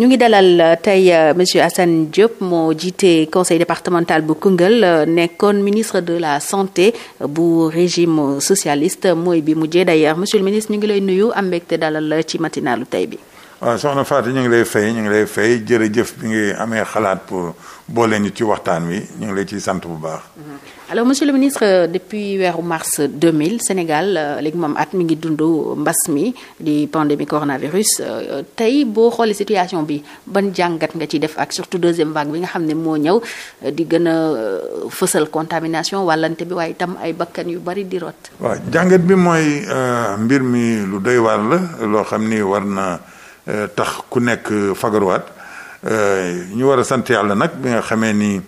ñu ngi dalal euh, tey euh, monsieur Assane Diop moo jiitee conseil départemental bu Koungheul euh, nekkoon ministre de la santé bu régime socialiste mooy bi mu jee d'ailleurs monsieur le ministre ñu ngi lay nuyu am mbégte dalal ci matinalu tey bi. waaw soxna Fatou ñu ngi lay fay ñu ngi lay fay jërëjëf bi ngi amee xalaat pour boole ñu ci waxtaan wi ñu ngi lay ciy sant bu baax. Mm-hmm. alors monsieur le ministre euh, depuis weeru mars 2000 Sénégal euh, léegi moom at mi ngi dund mbas mi di pandémie coronavirus euh, tey boo xoolee situation bi ban jàngat nga ci def ak surtout deuxième vague bi nga xam ne moo ñëw di gën a fësal contamination wàllante bi waaye itam ay bakkan yu bari di rot. waaw jàngat bi mooy mbir mi lu doy war la loo xam ni war na tax ku nekk fagaruwaat ñu war a sant yàlla nag bi nga xamee ni.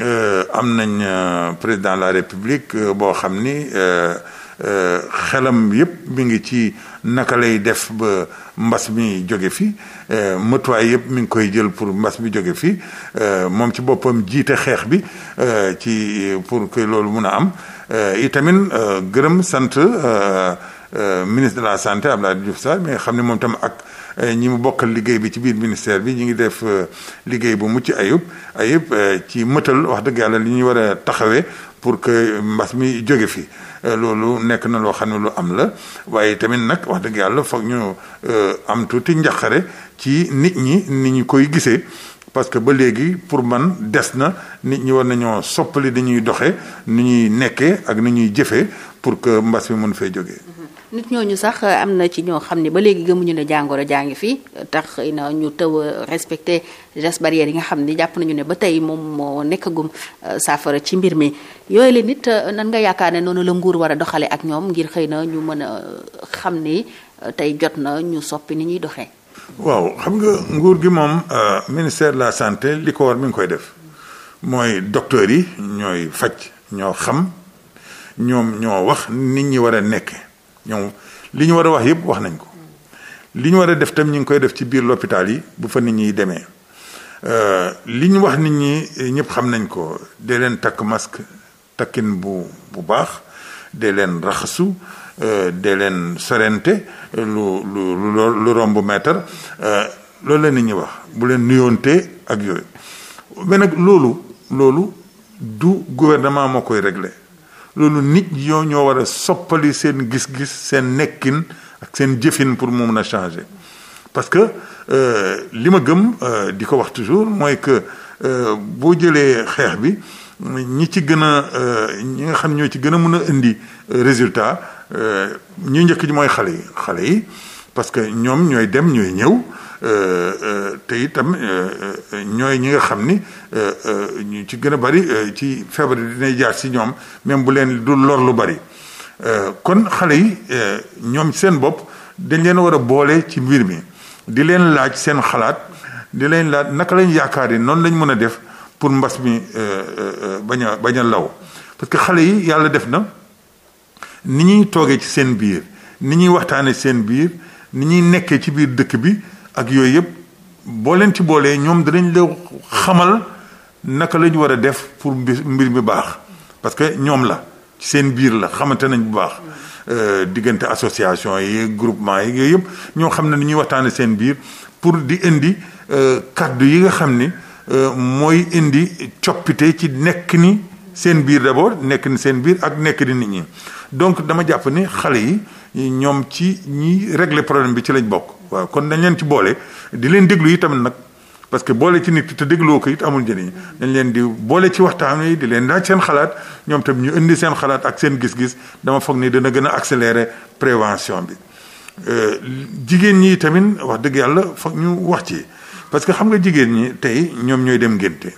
Euh, am nañ euh, président de la république euh, boo xam ni xelam yëpp mi ngi ci naka lay def ba mbas mi jóge fi matuwaay yëpp mi ngi koy jël pour mbas mi jóge fi moom ci boppam jiite xeex bi ci pour que loolu mun a am itamit gërëm sant ministre de la santé Abdoulaye Diouf Sarr mi nga xam ne moom tam ak. Euh, ñi mu bokkal liggéey bi ci biir ministère bi ñu ngi def euh, liggéey bu mucc ayub ayub euh, ci mëtal wax dëgg yàlla li ñuy war a taxawee pour que mbas mi jóge fi loolu nekk na loo xam ne lu am la waaye tamit nag wax dëgg yàlla foog ñu am tuuti njaqare ci nit ñi ni ñu koy gisee parce que ba léegi pour man des na nit ñi war nañoo soppali dañuy doxe ni ñuy nekkee ak ni ñuy jëfee pour que mbas mi mënu fee jóge nit ñooñu sax euh, am na ci ñoo xam ni ba léegi gëmuñu ne jàngoro jaa ngi fi tax na ñu tëw a respecté gestes yi nga xam ni jàpp nañu ne ba tey moom moo nekkagum euh, saafara ci mbir mi yooyu la nit euh, nan nga yaakaar ne noonu la nguur war a doxale ak ñoom ngir xëy na ñu mën a xam ni tey jot na ñu soppi ni ñuy doxee. waaw xam nga nguur gi moom ministère de la santé li ko war mi ngi koy def mooy docteurs yi ñooy faj ñoo xam ñoom ñoo wax nit ñi war a nekk ñoom li ñu war a wax yëpp wax nañ ko li ñu war a def tam ñu ngi koy def ci biir l'hôpital yi bu fa nit ñiy demee euh, li ñu wax nit ñi ñëpp xam nañ ko dee leen takk masque takkin bu bu baax de leen raxasu euh, de leen sorente lu lu lu romb mètre euh, loolu la nit ñi wax bu leen nuyoonte ak yooyu mais nag loolu loolu du gouvernement moo koy régler loolu nit ñoo ñoo war a soppali seen gis-gis seen nekkin ak seen jëfin pour mu mun a changer parce que euh, li ma gëm euh, di ko wax toujours mooy que euh, boo jëlee xeex bi ñi ci gën a ñi nga xam ñoo ci gën a mën a indi résultat ñu njëkk ji mooy xale yi xale yi parce que ñoom ñooy dem ñooy ñëw Euh, euh, te itam euh, ñooy ñi nga xam ni ñu ci gën a bari ci feebar yi dinay jaar si ñoom même bu leen du lor lu bari kon xale yi ñoom seen bopp dañ leen war a boole ci mbir mi di leen laaj seen xalaat di leen laaj naka lañ yaakaar yi noonu lañ mën a def pour mbas mi bañ a bañ a law parce que xale yi yàlla def na ni ñuy toogee ci seen biir ni ñuy waxtaanee seen biir ni ñuy nekkee ci biir dëkk bi ak yooyu yëpp boo leen ci boolee ñoom danañ la xamal naka la ñu war a def pour mbir mi baax parce que ñoom la seen biir la xamante nañ bu baax euh, diggante association yi groupement yi yooyu yëpp ñoo xam ne ni ñuy waxtaane seen biir pour di indi euh, kàddu yi nga xam ni euh, mooy indi coppite ci nekk ni seen biir d'abord nekk ni seen biir ak nekk ni nit ñi donc dama jàpp ni xale yi ñoom ci ñi régler problème bi ci lañ bokk waaw kon dañ leen ci boole di leen déglu itam nag parce que boole ci nit te dégloo ko it amul njëriñ dañ leen di boole ci waxtaan yi di leen laaj seen xalaat ñoom tam ñu indi seen xalaat ak seen gis-gis dama foog ni dana gën a accélérer prévention bi euh, jigéen ñi tamit wax dëgg yàlla foog ñu wax ci parce que xam nga jigéen ñi tey ñoom ñooy dem ngénte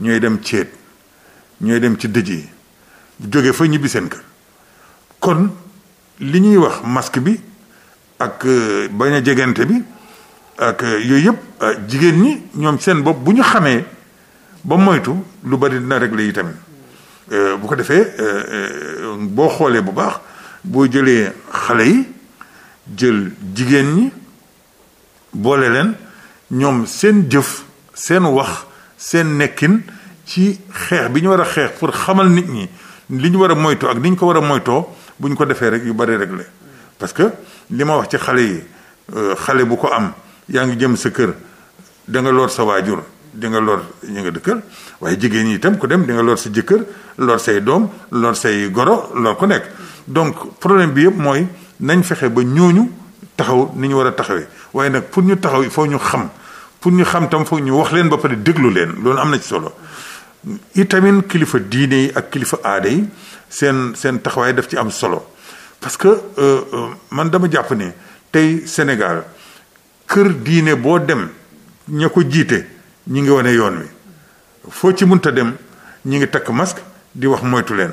ñooy dem ceet ñooy dem ci dëj yi jóge fa ñibbi seen kër kon li ñuy wax masque bi ak euh, bañ a jegante bi ak euh, yooyu yëpp euh, jigéen ñi ñoom seen bopp bu ñu xamee ba moytu lu bari na réglé yi tamit bu ko defee boo xoolee bu baax boo jëlee xale yi jël jigéen ñi boole leen ñoom seen jëf seen wax seen nekkin ci xeex bi ñu war a xeex pour xamal nit ñi li ñu war a moytu ak ni ñu ko war a moytoo bu ñu ko defee rek yu bari regle parce li ma wax ci xale yi euh, xale bu ko am yaa ngi jëm sa kër danga nga sa waajur di nga lor ñi nga dëkkal waaye jigéen ñi itam ku dem di nga lor sa jëkkër lor say doom lor say goro lor ko nekk donc problème bi yëpp mooy nañ fexe ba ñooñu taxaw ni ñu war a taxawee waaye nag pour ñu taxaw il faut ñu xam pour ñu xam tam foog ñu wax leen ba pare déglu leen loolu am na ci solo itamit kilifa diine yi ak kilifa aada yi seen seen taxawaay daf ci am solo parce que euh, euh, man dama jàpp ne tey Sénégal kër diine boo dem ña ko jiite ñu ngi wane yoon wi foo ci munta dem ñu ngi takk masque di wax moytu leen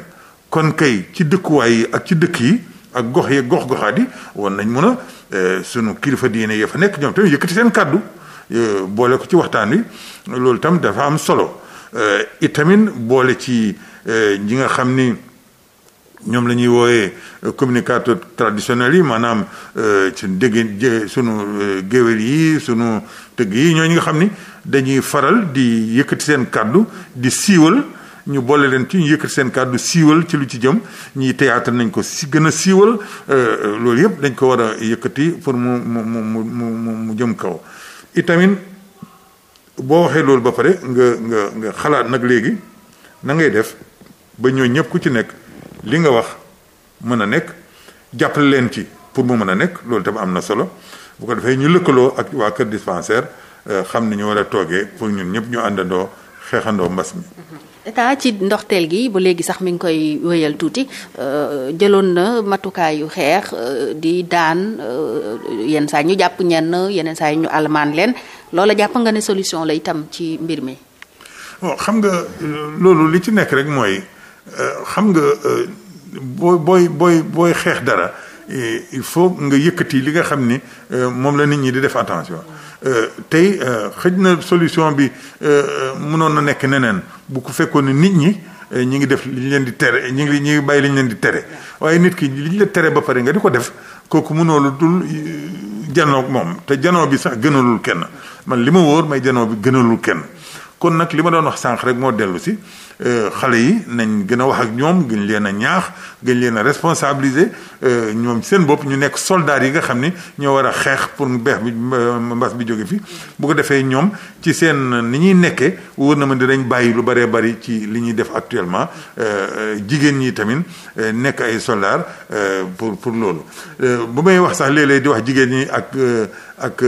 kon kay ci dëkkuwaay yi ak ci dëkk yi ak gox yi gox goxaat yi wan nañ mun a euh, sunu kilifa diine ya fa nekk ñoom tamit yëkkati seen kàddu boole ko ci waxtaan wi loolu tam dafa am solo itamit boole ci ñi nga xam ni ñoom la ñuy wooyee euh, communicateur traditionnels yi maanaam suñu euh, dégg sunu euh, géwél yi sunu tëgg yi ñooñu nga xam ni dañuy faral di yëkkati seen kàddu di siiwal ñu boole leen ci ñu yëkkati seen kàddu siiwal ci lu ci jëm ñi théâtre nañ ko si gën a siiwal loolu yëpp dañ ko war a yëkkati pour mu mu mu mu mu jëm kaw itamit boo waxee loolu ba pare nga nga nga xalaat nag léegi na ngay def ba ñoo ñëpp ku ci nekk li nga wax mën a nekk jàppale leen ci pour mu mën a nekk loolu tam am na solo bu ko defee ñu lëkkaloo ak waa kër dispensaire euh, xam ni ñu war a toogee pour ñun ñëpp ñu àndandoo xeexandoo mbas mi. Mm-hmm. état ci ndoxteel gi ba léegi sax mi ngi koy wéyal tuuti euh, jëloon na matukaayu xeex euh, di daan yenn saa ñu jàpp ñenn yeneen saa yi ñu almaan leen loola jàpp nga ne solution la itam ci mbir mi. xam nga loolu li ci nekk rek mooy. Euh, xam nga euh, booy booy booy booy xeex dara il faut nga yëkkati li nga xam ni euh, moom la nit ñi di def attention tey xëj na solution bi mënoon na nekk neneen bu ku fekkoon ni nit ñi ñi ngi def li ñu leen di tere ñi ñu ñi ngi bàyyi li ñu leen di tere waaye nit ki li ñu la tere ba pare nga di ko def kooku mënoo lu dul janoo moom te janoo bi sax gënalul kenn man li ma wóor may janoo bi gënalul kenn kon nag li ma doon wax sànq rek moo dellu si euh, xale yi nañ gën a wax ak ñoom gën leen a ñaax gën leen a responsabiliser euh, ñoom seen bopp ñu nekk soldaar yi nga xam ni ñoo war a xeex pour beex bi euh, mbas bi jóge fi bu ko defee ñoom ci seen ni ñuy nekkee wóor na ma dinañ bàyyi lu bëree bari ci li ñuy def actuellement jigéen ñi tamit nekk ay soldats pour pour loolu bu may wax sax léeg-léeg di wax jigéen ñi ak ak.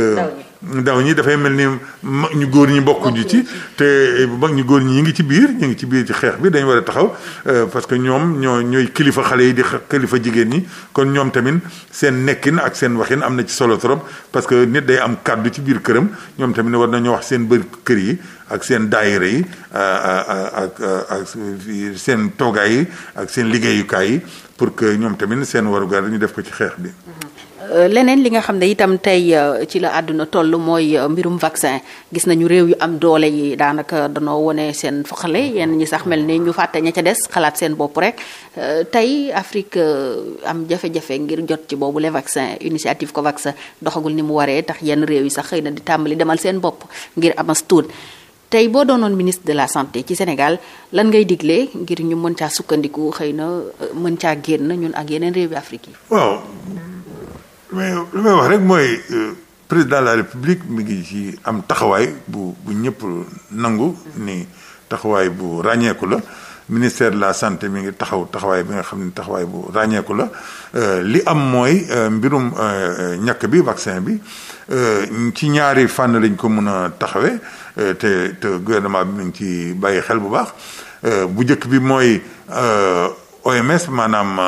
ndaw ñi dafay mel ni mag ñu góor ñi bokkuñu ci te eh, mag ñu góor ñi ñu ngi ci biir ñu ngi ci biir ci xeex bi dañu war a taxaw euh, parce que ñoom ñoo ñooy kilifa xale yi di kilifa jigéen ñi kon ñoom tamit seen nekkin ak seen waxin am na ci solo trop parce que nit day am kàddu ci biir këram ñoom tamit war nañoo wax seen bër kër yi ak seen daayira yi ak ak seen toogaay yi ak seen liggéeyukaay yi pour que ñoom tamit seen warugar ñu def ko ci xeex bi mm-hmm. Euh, leneen li nga xam ne itam tey euh, ci la àdduna toll mooy euh, mbirum vaccin gis nañu réew yu am doole yi daanaka danoo wone seen foqale yenn ñi sax mel ni ñu fàtte ña ca des xalaat seen bopp rek tey Afrique am jafe-jafe ngir jot ci boobu le vaccin initiative COVAX doxagul ni mu waree tax yenn réew yi sax xëy na di tàmbali demal seen bopp ngir ama tuut tey boo doonoon ministre de la santé ci Sénégal lan ngay digle ngir ñu mën caa sukkandiku xëy na mën caa génn ñun ak yeneen réew yi mais li may wax rek mooy euh, président de la république mi ngi ci am taxawaay bu bu ñëpp nangu ni taxawaay bu ràññeeku la ministère de la santé mi ngi taxaw taxawaay bi nga xam ni taxawaay bu ràññeeku la euh, li am mooy euh, mbirum ñàkk bi vaccin bi ci ñaari fànn lañ ko mën a taxawee te te gouvernement bi mi ngi ci bàyyi xel bu baax bu njëkk bi mooy OMS maanaam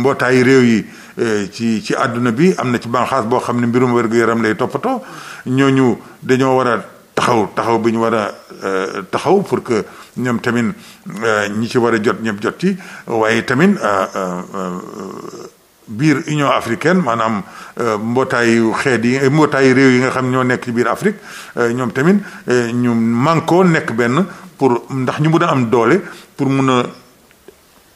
mbootaayu réew yi Eh, ci ci àdduna bi am na ci banxaas boo xam ne mbirum wér-gu-yaram lay toppatoo ñooñu dañoo war a taxaw taxaw bi ñu war a eh, taxaw pour que ñoom tamit eh, ñi ci war a jot ñëpp jot ci waaye tamit biir Union africaine maanaam mbootaayu xeet yi mbootaayu réew yi nga xam ñoo nekk ci biir Afrique ñoom tamit ñu mànkoo nekk benn pour ndax ñu mun a am doole pour mun a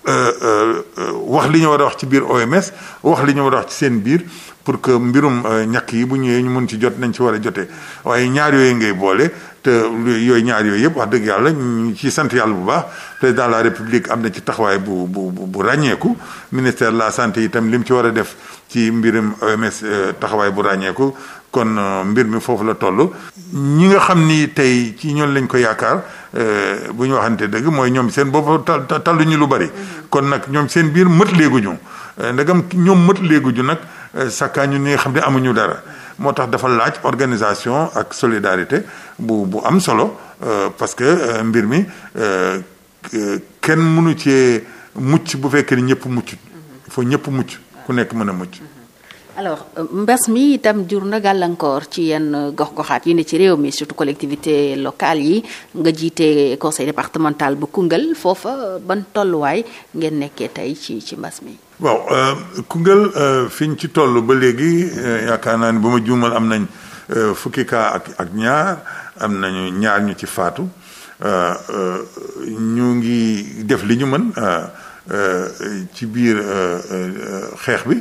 Euh, euh, wax li ñu war a wax ci biir OMS wax li ñu war a wax ci seen biir pour que mbirum euh, ñàkk yi bu ñëwee ñu mun ci jot nañ ci war a jotee waaye ñaar yooyu ngay boole te yooyu ñaar yooyu yëpp wax dëgg yàlla ñu ci sant yàlla bu baax président de la république am na ci taxawaay bu bu bu ràññeeku ministère la santé itam li mu ci war a def ci mbirum OMS taxawaay bu ràññeeku kon mbir mi foofu la toll. ñi nga xam ni tey ci ñoom lañ ko yaakaar. Euh, bu ñu waxante dëgg mooy ñoom seen bopp tal ñu lu bari. kon nag ñoom seen biir mët ñu euh, ndegam ñoom mët léeguñu nag euh, sakkaa ñu ni xam ne amuñu dara moo tax dafa laaj organisation ak solidarité bu bu am solo parce que mbir mi kenn mënu cee mucc bu fekkee ni ñëpp mucc. foo faut ñëpp mucc ku nekk mën a mucc. alors euh, mbas mi itam jur na gàllankoor ci yenn gox-goxaat yi ne ci réew mi surtout collectivité locale yi nga jiite conseil départemental bu Koungheul foofa euh, ban tolluwaay ngeen nekkee tey ci ci mbas mi. waaw euh, Koungheul fi ñu ci toll ba léegi yaakaar naa ne ba ma juumal am nañ fukki cas ak ak ñaar am nañu ñaar ñu ci faatu ñu ngi def li ñu mën ci biir xeex bi.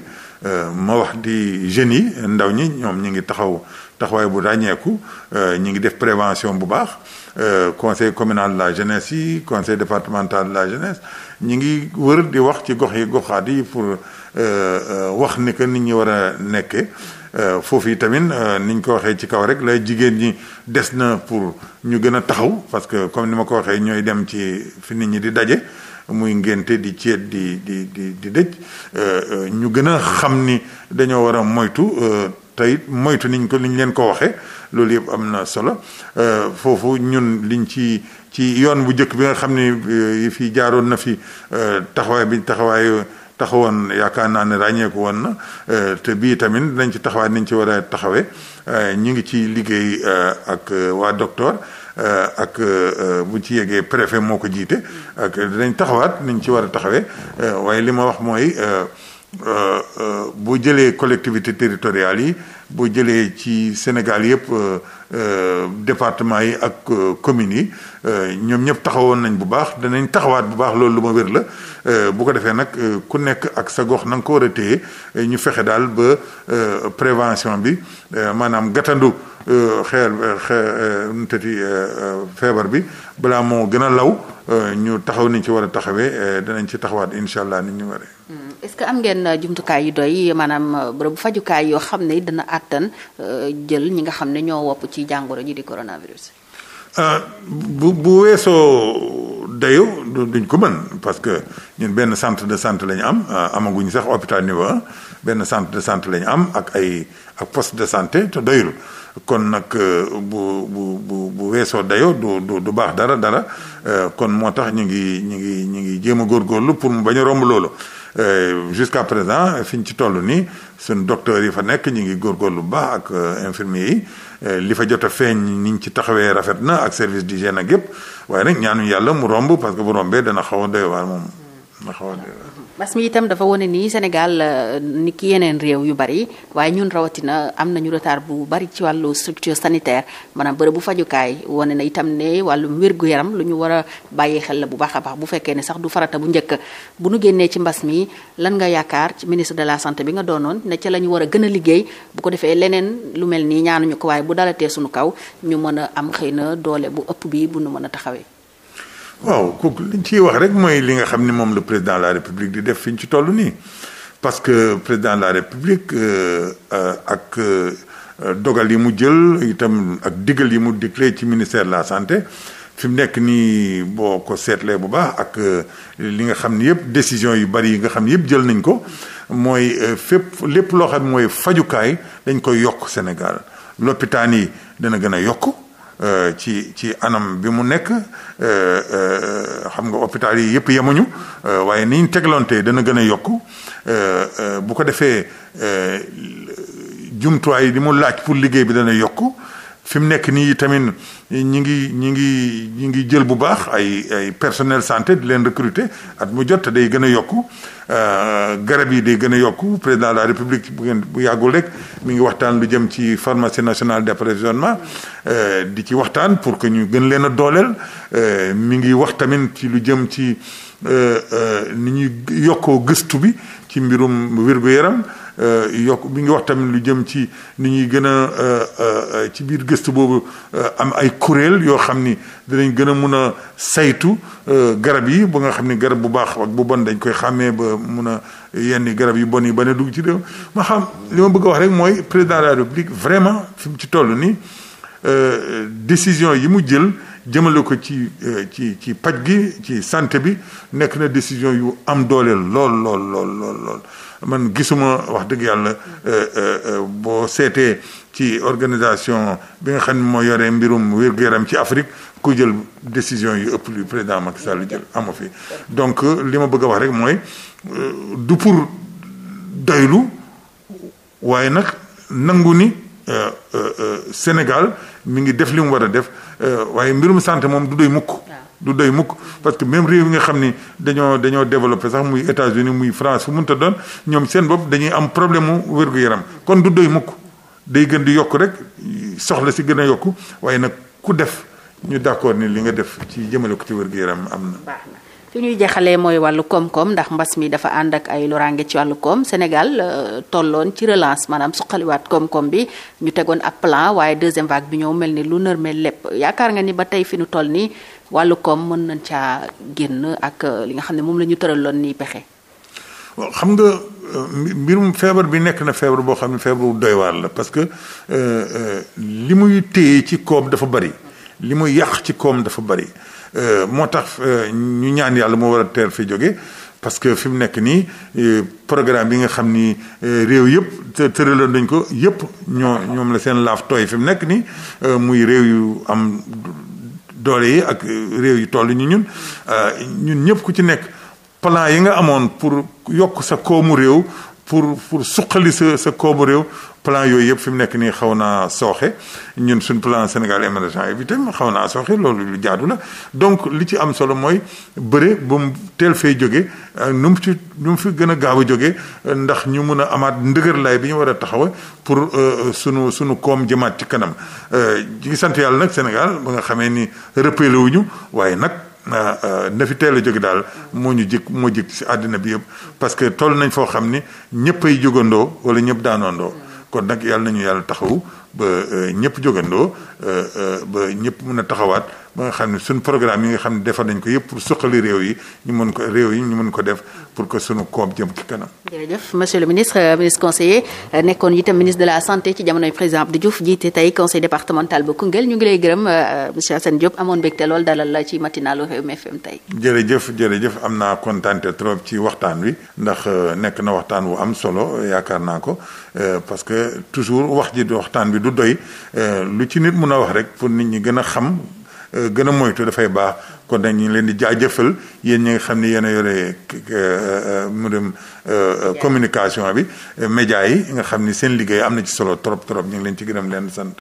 Euh, ma wax di jeunes yi ndaw ñi ñoom ñu ngi taxaw taxawaay bu ràññeeku euh, ñi ngi def prévention bu baax euh, conseil communal de la jeunesse yi conseil départemental de la jeunesse ñi ngi wër di wax ci gox yi goxaat yi pour wax ni que nit ñi war a nekkee foofu yi tamit ni ñu ko waxee ci kaw rek lay jigéen ñi des na pour ñu gën a taxaw parce que comme ni ma ko waxee ñooy dem ci fi nit ñi di daje muy ngénte di ceet di di di di dëj euh, euh, ñu gën a xam ni dañoo war a moytu euh, tey moytu niñ ko liñ leen ko waxee loolu yëpp am na solo foofu ñun liñ ci ci yoon bu njëkk bi nga xam ni yi fi jaaroon na fi taxawaay biñ taxawaay taxawoon yaakaar naa ne ràññeeku woon na te bii tamit nañ ci taxawaay nañ ci war a taxawee ñu ngi ci liggéey ak waa docteur Euh, ak euh, bu ci yegee préfet moo ko jiite ak dinañ taxawaat niñ ci war a taxawee euh, waaye li ma wax mooy boo jëlee collectivité territoriale yi boo jëlee ci Sénégal yëpp département yi ak communes yi ñoom ñëpp taxawoon nañ bu baax danañ taxawaat bu baax loolu lu ma wér la bu ko defee nag ku nekk ak sa gox na ko war a téye ñu fexe daal ba prévention bi maanaam gàttandu xeel xeel eh, nu tëti eh, eh, feebar bi balaa moo gën a law ñu taxaw ni ci war a taxawee danañ ci taxawaat incha allah ni ñu waree. Hmm. est-ce que am ngeen jumtukaay yu doy maanaam bërëbu fajukaay yoo xam ne dana àttan jël ñi nga xam ne ñoo wopp ci jàngoro ji di coronavirus. bu bu weesoo dayo duñ ko mën parce que ñun benn centre de santé lañu am amaguñ sax hôpital niveau 1 benn centre de santé la ñu am ak ay ak poste de santé te doyul. kon nag euh, bu bu bu bu weesoo dayoo du du baax dara dara euh, kon moo tax ñu ngi ñu ngi ñu ngi jéem a góorgóorlu pour mu bañ a romb loolu euh, jusqu'à présent fi ñu ci toll nii suñ docteurs yi fa nekk ñu ngi góor bu baax ak infirme yi li fa jot a feeñ ni ñu ci taxawee rafet na ak service d'hygiène ak yëpp waaye nag ñaanu yàlla mu romb parce que bu rombee dana xaw a doy waar moom. ma xaw mbas mi itam dafa wane ni Sénégal euh, ni ki yeneen réew yu bari waaye ñun rawatina am nañu retard bu bari ci wàllu structure sanitaire maanaam bu fajukaay wane na itam ne wàllum wér-gu-yaram lu ñu war a bàyyi xel la bu baax a baax bu fekkee ne sax du farata bu njëkk bu nu génnee ci mbas mi lan nga yaakaar ci ministre de la santé bi nga doonoon ne ca la ñu war a a liggéey bu ko defee leneen lu mel nii ñaanuñu ko waaye bu dalatee suñu kaw ñu mën am xëy na doole bu ëpp bi bu nu mën a taxawee waaw kooku liñ wax rek mooy li nga xam ni moom le président de la république di def fi ñu ci tollu nii parce que président de la république euh, euh, ak euh, dogal yi mu jël itam ak digal yi mu digle ci ministère de la santé fi mu nekk nii boo ko seetlee bu baax ak li nga xam ni yëpp décision yu bari yi nga xam ni yëpp jël nañ ko mooy fépp lépp loo xam mooy fajukaay dañ koy yokk Sénégal lopitaan yi dana gën a yokk Euh, ci ci anam bi mu nekk euh, euh, xam nga hôpital yi yëpp yemuñu waaye niñ teglonte dana gën a yokku bu ko defee jumtuwaay yi mu laaj pour liggéey bi dana yokk fi mu nekk nii tamit ñi ngi ñi ngi ñi ngi jël bu baax ay ay personnel santé di leen recruter at mu jot te day gën a yokku euh, garab yi day gën a yokk président la république bu ngeen bu yàggul rek mi ngi waxtaan lu jëm ci pharmacie nationale d'approvisionnement euh, di ci waxtaan pour que ñu gën leen a dooleel euh, mi ngi wax tamit ci lu jëm ci ni ñuy yokkoo gëstu bi ci mbirum wér yaram Euh, yokk bi ngi wax tamit lu jëm ci ni ñuy gën a euh, euh, ci biir gëstu boobu am ay kuréel yoo xam ni dinañ gën a mun a saytu garab yi ba nga xam ni garab bu baax ak bu bon dañ koy xàmmee ba mun a yenn garab yu bon yi ba ne dugg ci réew ma xam li ma bëgg a wax rek mooy président de la république vraiment fi mu ci toll ni décision yi mu jël jëmale ko ci euh, ci ci paj gi ci santé bi nekk na décision yu am dooleel lool lool lool man gisuma wax dëgg yàlla euh, euh, boo seetee ci organisation bi nga xam ne moo yore mbirum wér-gu-yaram ci Afrique ku jël décision yu ëpp lu président Macky Sall jël amu fi donc li ma bëgg a wax rek mooy du pour doylu waaye nag nangu ni Euh, euh, euh, Sénégal mi ngi def li mu war a def waaye mbirum santé moom du doy mukk du doy mukk parce que même réew yi nga xam ni dañoo dañoo développé sax muy États-Unis muy France fu mënta doon ñoom seen bopp dañuy am problème mu wér yaram kon du doy mukk day gën di yokk rek soxla si gën a yokk waaye nag ku def ñu d'accord ni li nga def ci jëmale ko ci wér-gu-yaram am na fi ñuy jaxalee mooy wàllu koom-koom ndax mbas mi dafa ànd ak ay loraange ci wàllu koom Sénégal euh, tolloon ci relance maanaam suqaliwaat koom-koom bi ñu tegoon ab plan waaye deuxième vague bi ñëw mel ni lu nërmeel lépp yaakaar nga ni ba tey fi nu toll nii wàllu koom mën nañ caa génn ak euh, li nga xam ne moom lañu ñu tëraloon nii pexe. xam nga euh, mbirum feebar bi nekk na feebar boo xam ne feebar bu doy waar la parce que li muy téye ci koom dafa bari li muy yàq ci koom dafa bari. Euh, moo tax euh, ñu ñaan yàlla moo war a teer fi jóge parce que fi mu nekk nii euh, programme bi nga xam ni réew yëpp tëraloon nañ ko yëpp ñoo ñoom la seen laaf tooy fi mu nekk nii muy réew yu am doole yi ak réew yu toll ñu ñun ñun ñëpp ku ci nekk plan yi nga amoon pour yokk sa koomu réew pour pour suqali sa sa koomu réew plan yooyu yëpp fi mu nekk nii xaw naa sooxe ñun suñ plan Sénégal émergent bi tam xaw naa sooxe loolu lu jaadu la donc li ci am solo mooy bëre bu mu teel fee jóge euh, nu mu ci nu fi gën a gaaw a jóge ndax ñu mun a amaat ndëgër lay bi ñu war a taxawa pour euh, euh, sunu sunu koom jëmaat ci kanam ji sant yàlla nag Sénégal ba nga xamee nii ni wu ñu waaye nag na fi teel a jóge daal moo ñu jik moo jik ci àddina bi yëpp parce que toll nañ foo xam ni ñëpp ay jógandoo wala ñëpp daanondoo kon nag yàlla nañu yàlla taxaw ba euh, ñëpp jógandoo euh, euh, ba ñëpp mun a taxawaat ba nga xam ne suñ programme yi nga xam ne defar nañ ko yëpp pour suqali réew yi ñu mën ko réew yi ñu mën ko def pour que sunu koom jëm ci kanam. jërëjëf monsieur le ministre euh, ministre conseiller euh, nekkoon itam ministre de la santé ci jamonoy président Abdou Diouf jiite tey conseil départemental bu Koungheul ñu ngi lay gërëm euh, monsieur Assane Diop amoon mbégte lool dalal la ci matinalu Rewmi FM tey. jërëjëf jërëjëf am naa kontaan trop ci waxtaan wi ndax nekk na waxtaan wu am solo yaakaar naa ko parce que toujours wax ji waxtaan bi du doy lu ci nit mun a wax rek pour nit ñi gën a xam gën a moytu dafay baax. kon nag ñu ngi leen di jëfal yéen ñi ngi xam ne yéen a yore euh, mu dem euh, communication bi média yi nga xam ni seen liggéey am na ci solo trop trop ñu ngi leen ci gërëm leen sant